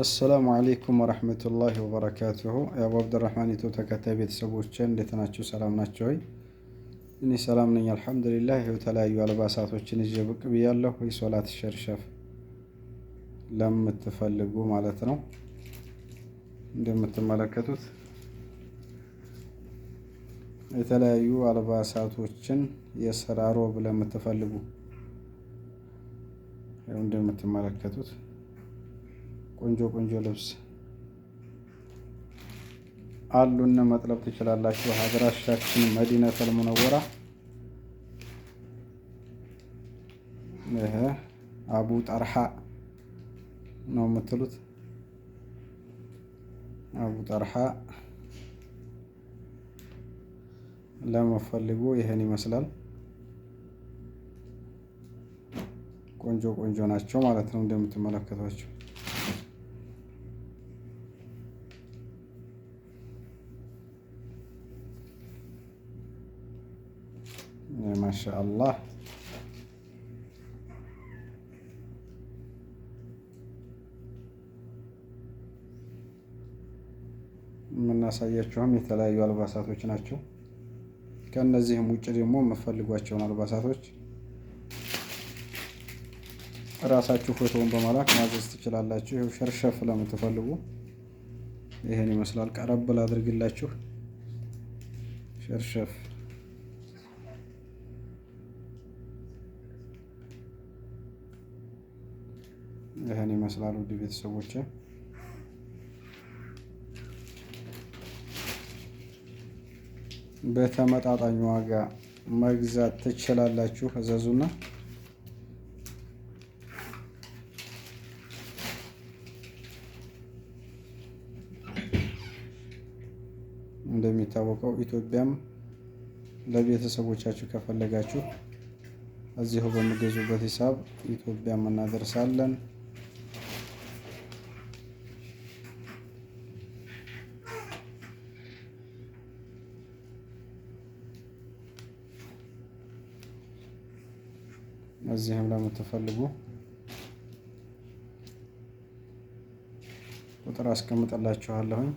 አሰላሙ አሌይኩም ወረህመቱላሂ ወበረካቱሁ። የአቡ አብድራህማን ዩቱብ ተከታይ ቤተሰቦች እንዴት ናችሁ? ሰላም ናቸው ወይ? እኔ ሰላም ነኝ አልሐምዱሊላህ። ይኸው የተለያዩ አልባሳቶችን ይዤ ብቅ ብያለሁ። ወይ ሶላት ሸርሸፍ ለምትፈልጉ ማለት ነው። እንደምትመለከቱት የተለያዩ አልባሳቶችን የስራ ሮብ ለምትፈልጉ እንደምትመለከቱት ቆንጆ ቆንጆ ልብስ አሉን መጥለብ ትችላላችሁ። ሀገራሻችን መዲነቱል ሙነወራ ይሄ አቡ ጠርሃ ነው የምትሉት። አቡ ጠርሃ ለመፈልጉ ይሄን ይመስላል። ቆንጆ ቆንጆ ናቸው ማለት ነው እንደምትመለከቷቸው። ማሻአላህ የምናሳያችሁም የተለያዩ አልባሳቶች ናቸው። ከእነዚህም ውጭ ደግሞ የምፈልጓቸውን አልባሳቶች እራሳችሁ ፎቶውን በመላክ ማዘዝ ትችላላችሁ። ይኸው ሸርሸፍ ለምትፈልጉ ይህን ይመስላል። ቀረብ ላድርግላችሁ ሸርሸፍ ይህን ይመስላል ውድ ቤተሰቦች። በተመጣጣኝ ዋጋ መግዛት ትችላላችሁ። እዘዙና እንደሚታወቀው ኢትዮጵያም ለቤተሰቦቻችሁ ከፈለጋችሁ እዚሁ በሚገዙበት ሂሳብ ኢትዮጵያም እናደርሳለን። እዚህም ለምትፈልጉ ቁጥር አስቀምጥላችኋለሁኝ።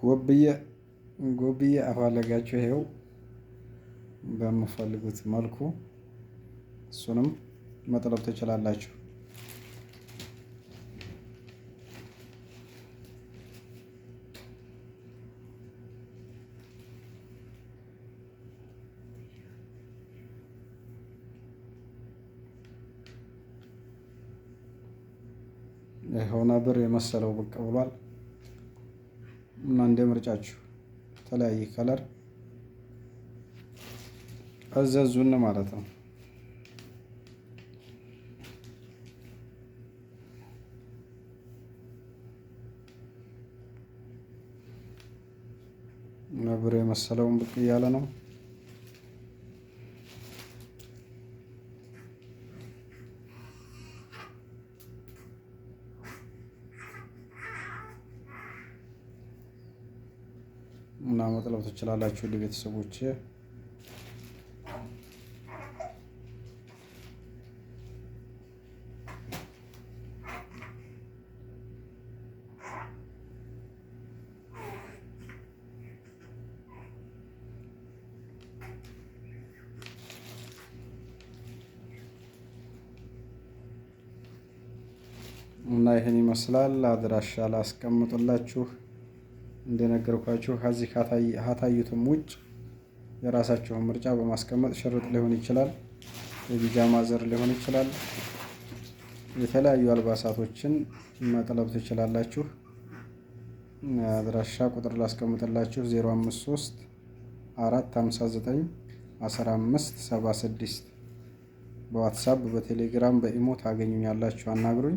ጎብዬ ጎብዬ አፋለጋችሁ ይኸው በምፈልጉት መልኩ እሱንም መጥለብ ትችላላችሁ። የሆነ ብር የመሰለው ብቅ ብሏል እና እንደ ምርጫችሁ የተለያየ ከለር አዘዙን ማለት ነው። ብር የመሰለውን ብቅ እያለ ነው። እና መጥለብ ትችላላችሁ ለቤተሰቦች እና ይህን ይመስላል። አድራሻ ላስቀምጡላችሁ። እንደነገርኳችሁ ከዚህ ሀታዩትም ውጭ የራሳቸውን ምርጫ በማስቀመጥ ሽርጥ ሊሆን ይችላል፣ የቢጃማ ዘር ሊሆን ይችላል። የተለያዩ አልባሳቶችን መጥለብ ትችላላችሁ። አድራሻ ቁጥር ላስቀምጥላችሁ 053 459 15 76 በዋትሳፕ በቴሌግራም በኢሞ ታገኙኛላችሁ። አናግሩኝ።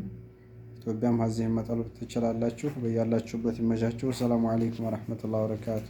ኢትዮጵያም ሀዚህ መጠለብ ትችላላችሁ። በያላችሁበት ይመቻችሁ። ሰላሙ አሌይኩም ወረህመቱላሂ ወበረካቱ